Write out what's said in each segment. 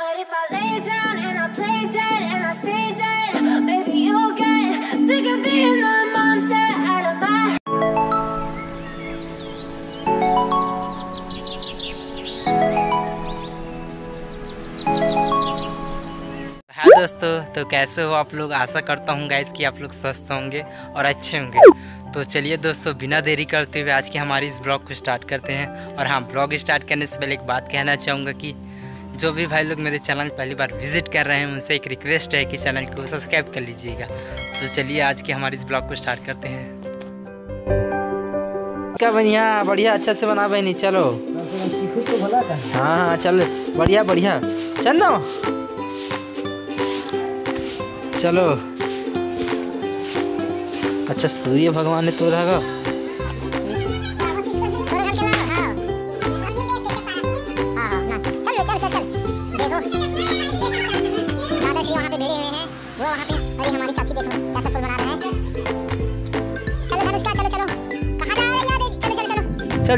But if I lay down and I play dead and I stay dead, maybe you'll get sick of being the monster out of my हाँ दोस्तों तो कैसे हो आप लोग आशा करता हूँ गाइस कि आप लोग स्वस्थ होंगे और अच्छे होंगे तो चलिए दोस्तों बिना देरी करते हुए आज के हमारे इस ब्लॉग को स्टार्ट करते हैं और हाँ ब्लॉग स्टार्ट करने से पहले एक बात कहना चाहूँगा कि जो भी भाई लोग मेरे चैनल पहली बार विजिट कर रहे हैं उनसे एक रिक्वेस्ट है कि चैनल को सब्सक्राइब कर लीजिएगा तो चलिए आज के हमारे इस ब्लॉग को स्टार्ट करते हैं क्या बढ़िया बढ़िया अच्छा से बना बहनी चलो हाँ हाँ चल बढ़िया बढ़िया चल ना चलो अच्छा सूर्य भगवान ने तो रहेगा चल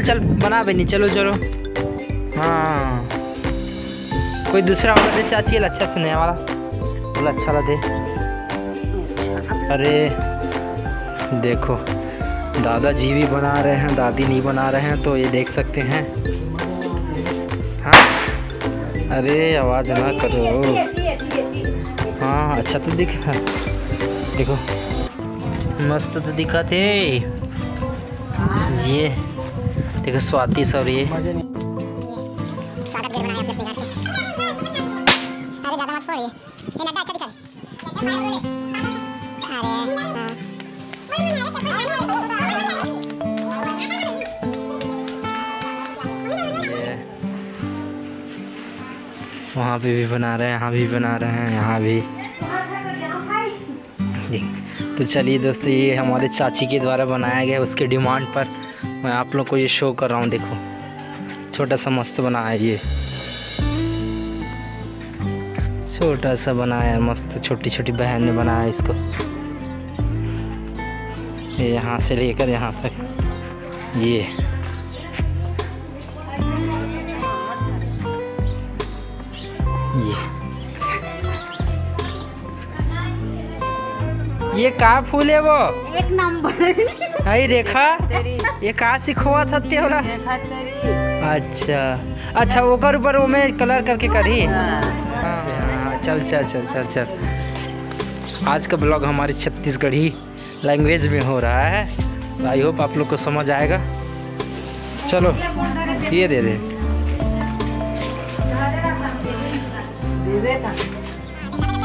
चल बना नहीं चलो चलो हाँ कोई दूसरा ऑर्डर दे चाची अच्छा सुनने वाला बोला अच्छा वाला दे अरे देखो दादाजी भी बना रहे हैं दादी नहीं बना रहे हैं तो ये देख सकते हैं हाँ अरे आवाज़ ना करो हाँ अच्छा तो दिखा हाँ, देखो मस्त तो दिखा थे ये देखो स्वाति सर ये अरे हाँ। वहाँ पे भी बना रहे हैं यहाँ भी बना रहे हैं यहाँ भी तो चलिए दोस्तों ये हमारे चाची के द्वारा बनाया गया उसके डिमांड पर मैं आप लोग को ये शो कर रहा हूँ देखो छोटा सा मस्त बना है ये छोटा सा बनाया मस्त छोटी छोटी बहन ने बनाया इसको ये यहाँ से लेकर यहाँ तक ये ये ये का फूल है वो एक नंबर आई रेखा ये का सिखवा था तेरा अच्छा अच्छा ओकर ऊपर वो मैं कलर करके करी हाँ। हाँ, हाँ, चल चल चल चल चल आज का ब्लॉग हमारे छत्तीसगढ़ी लैंग्वेज में हो रहा है आई होप आप लोग को समझ आएगा चलो ये दे दे हमारे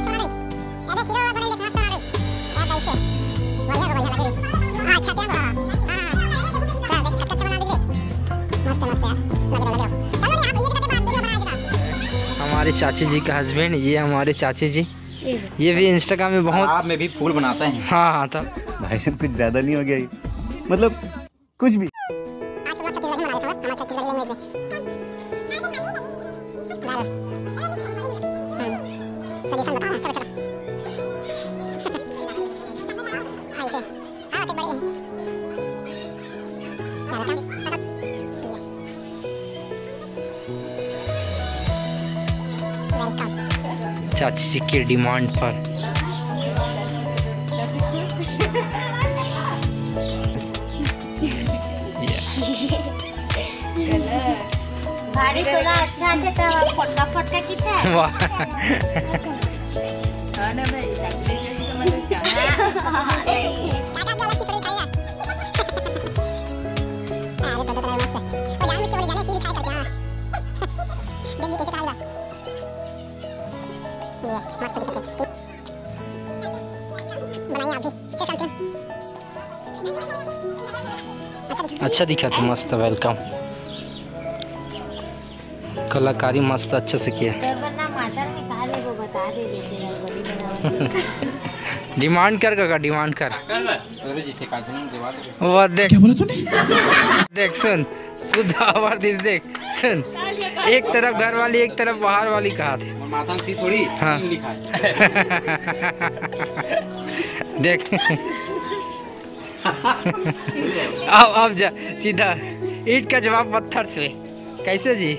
चाची जी का हस्बैंड ये हमारे चाची जी ये भी इंस्टाग्राम में बहुत आप में भी फूल बनाते हैं हाँ हाँ तो भाई कुछ ज़्यादा नहीं हो गया मतलब कुछ भी चाची जी की डिमांड पर अच्छा तो फटका हाँ फटका ये मस्त हैं बनाइए आप भी अच्छा दिखा था मस्त वेलकम कलाकारी मस्त अच्छे से किया डिमांड तो कर काका डिमांड कर तो वो देख क्या बोला तूने देख सुन सुधावर दिस देख सुन एक तरफ घर वाली एक तरफ बाहर वाली कहा थे थोड़ी हाँ देख अब अब जा सीधा ईट का जवाब पत्थर से कैसे जी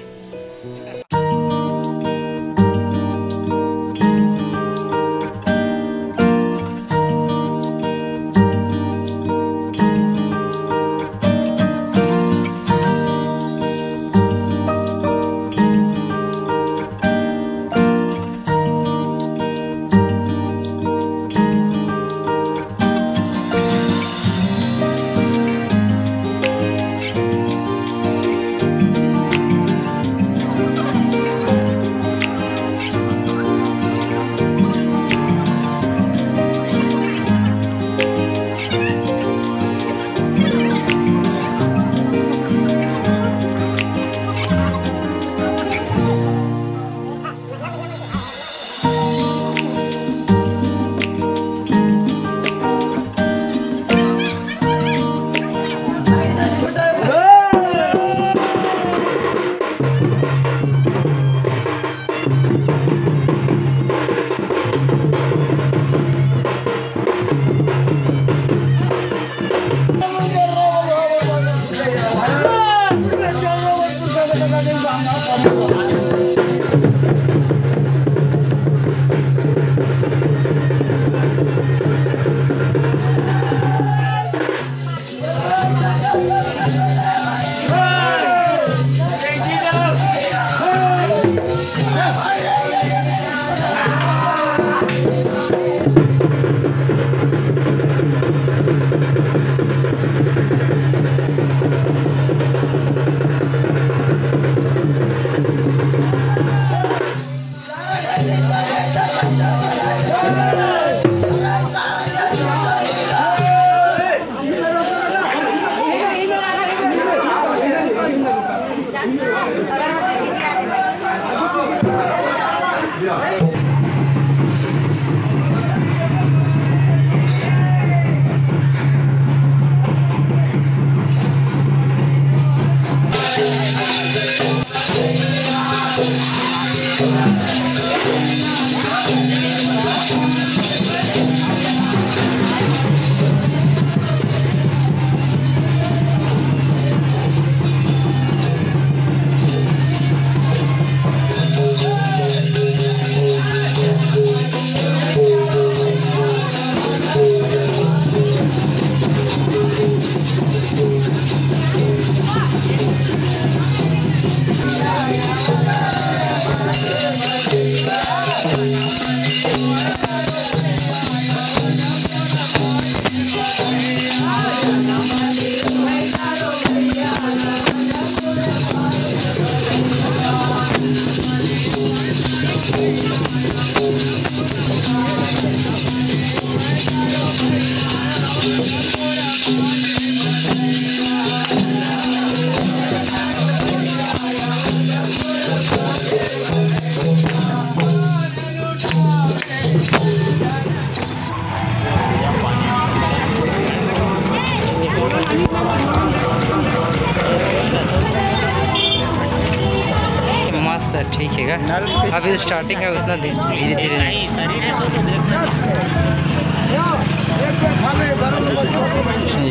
सर ठीक है अभी स्टार्टिंग है उतना दिन धीरे धीरे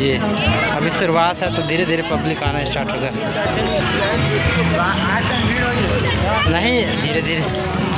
ये अभी शुरुआत है तो धीरे धीरे पब्लिक आना स्टार्ट होगा नहीं धीरे धीरे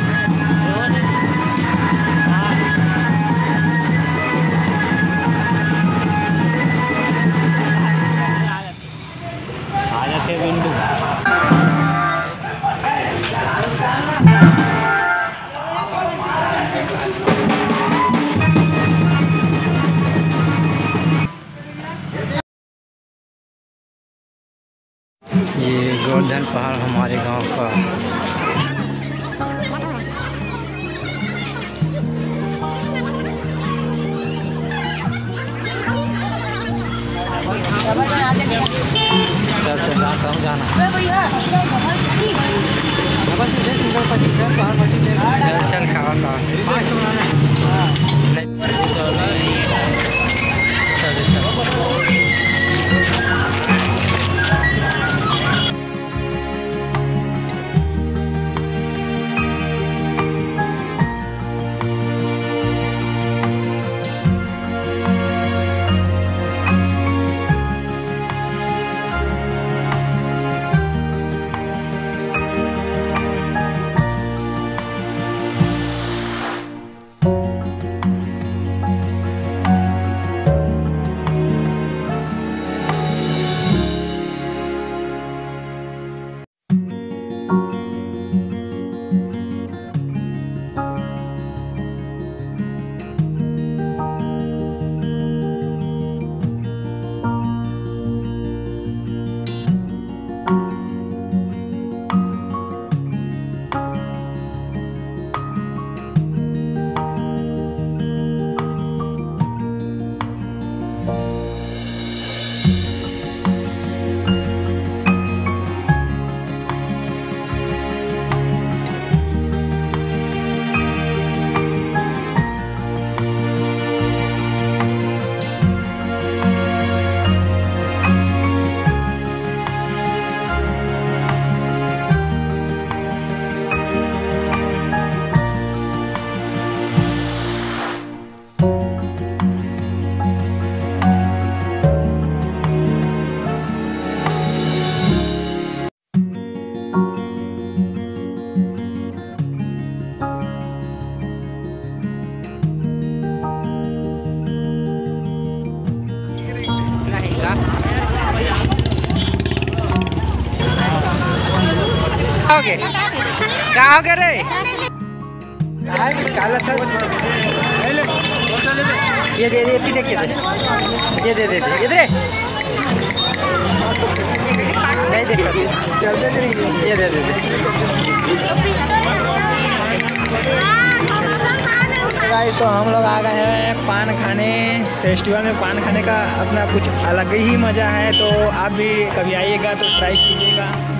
आ जाते तो ये गोल्डन पहाड़ हमारे गांव का Gracias. यहाँ कम जाना चल चल खा हो गया रे ये दे दे इतनी देखिए ये दे दे दे ये दे ये दे दे दे भाई तो हम लोग आ गए हैं पान खाने फेस्टिवल में पान खाने का अपना कुछ अलग ही मज़ा है तो आप भी कभी आइएगा तो ट्राई कीजिएगा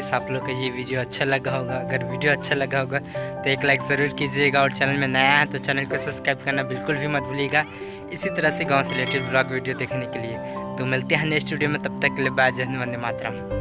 गाइस आप लोग को ये वीडियो अच्छा लगा होगा अगर वीडियो अच्छा लगा होगा तो एक लाइक ज़रूर कीजिएगा और चैनल में नया है तो चैनल को सब्सक्राइब करना बिल्कुल भी मत भूलिएगा इसी तरह से गाँव से रिलेटेड ब्लॉग वीडियो देखने के लिए तो मिलते हैं नेक्स्ट वीडियो में तब तक के लिए बाय जहन वंदे मातरम